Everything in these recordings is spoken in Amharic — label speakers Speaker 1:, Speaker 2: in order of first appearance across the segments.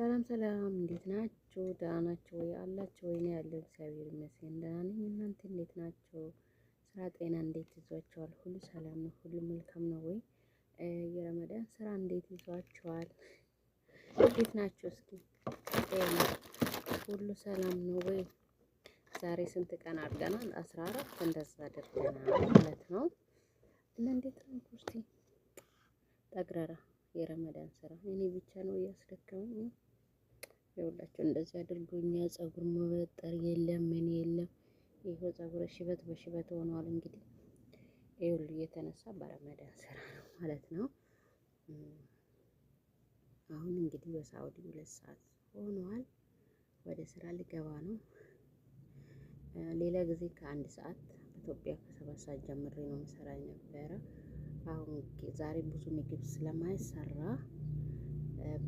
Speaker 1: ሰላም ሰላም፣ እንዴት ናችሁ? ደህና ናችሁ ወይ? አላችሁ ወይ? ነው ያለው። እግዚአብሔር ይመስገን ደህና ነኝ። እናንተ እንዴት ናችሁ? ስራ ጤና እንዴት ይዟችኋል? ሁሉ ሰላም ነው? ሁሉ መልካም ነው ወይ? የረመዳን ስራ እንዴት ይዟችኋል? እንዴት ናችሁ? እስኪ ሁሉ ሰላም ነው ወይ? ዛሬ ስንት ቀን አድርገናል? አስራ አራት እንደዛ አድርገናል ማለት ነው። እና እንዴት ነው እስኪ ጠግረራ የረመዳን ስራ እኔ ብቻ ነው እያስደከመኝ ይኸውላችሁ እንደዚህ አድርጎኛ ጸጉር መበጠር የለም ምን የለም። ይህ ጸጉር ሽበት በሽበት ሆኗል። እንግዲህ ይህ ሁሉ እየተነሳ በረመዳን ስራ ነው ማለት ነው። አሁን እንግዲህ በሳውዲ ሁለት ሰዓት ሆኗል። ወደ ስራ ሊገባ ነው። ሌላ ጊዜ ከአንድ ሰዓት ኢትዮጵያ ከሰባት ሰዓት ጀምሬ ነው የምሰራ ነበረ። አሁን ዛሬ ብዙ ምግብ ስለማይሰራ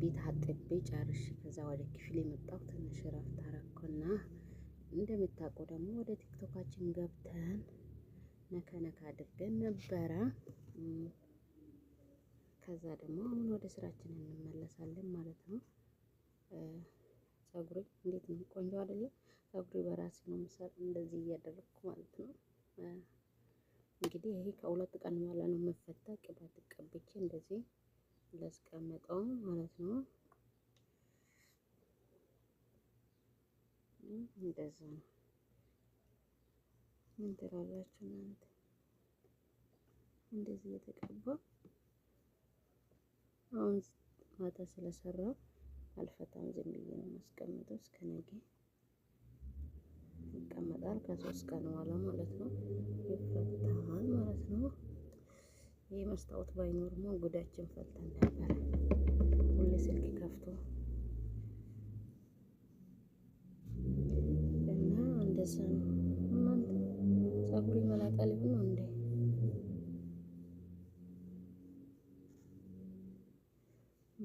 Speaker 1: ቤት አጥቤ ጨርሼ ከዛ ወደ ክፍል የመጣሁ ትንሽ እረፍት አረኩና እንደምታውቁ ደግሞ ወደ ቲክቶካችን ገብተን ነከ ነከ አድርገን ነበረ። ከዛ ደግሞ አሁን ወደ ስራችን እንመለሳለን ማለት ነው። ፀጉሬ እንዴት ነው? ቆንጆ አይደለም? ፀጉሬ በራሴ ነው የምሰራው እንደዚህ እያደረግኩ ማለት ነው። እንግዲህ ይሄ ከሁለት ቀን በኋላ ነው የምፈታ። ቅባት ቀብቼ እንደዚህ ላስቀመጠውም ማለት ነው። እንደዛ ነው። ምን ትላላችሁ እናንተ? እንደዚህ እየተቀባ አሁን ማታ ስለሰራው አልፈታም፣ ዝም ብዬ ነው የማስቀምጠው። እስከ ነገ ይቀመጣል። ከሶስት ቀን በኋላ ማለት ነው ይፈታል ማለት ነው። ይህ መስታወት ባይኖርማ ጉዳችን ፈልተን ነበረ። ሁሌ ስልክ ከፍቶ እና እንደዛ ነው። እናንተ ጸጉሪ መላጣ ሊሆን እንዴ?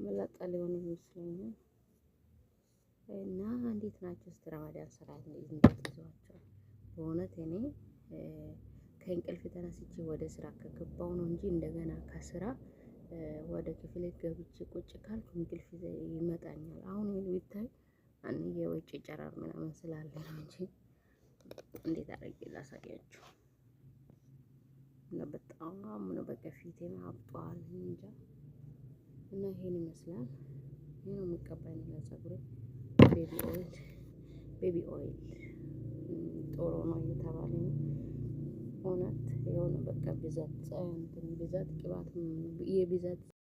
Speaker 1: መላጣ ሊሆን ይመስለኛል። እና እንዴት ናቸው? ስትራማዳን ስራ እንዴት ይዟቸዋል? በእውነት እኔ ከእንቅልፍ ተነስቼ ወደ ስራ ከገባው ነው እንጂ እንደገና ከስራ ወደ ክፍሌ ገብቼ ቁጭ ካልኩ እንቅልፍ ይመጣኛል። አሁን የሚታይ አንዴ የውጭ ጨረር ምናምን ስላለ ነው እንጂ እንዴት አድርጌ ላሳያችሁ። በጣም ነው በቃ ፊቴን አብጧል እንጃ። እና ይሄን ይመስላል። ይሄ ነው የሚቀባኝ ነገር ቤቢ ኦይል ቤቢ ኦይል ጦሮ ነው እየተባለ ነው በቃ ብዛት እንትን ብዛት ቅባት የብዛት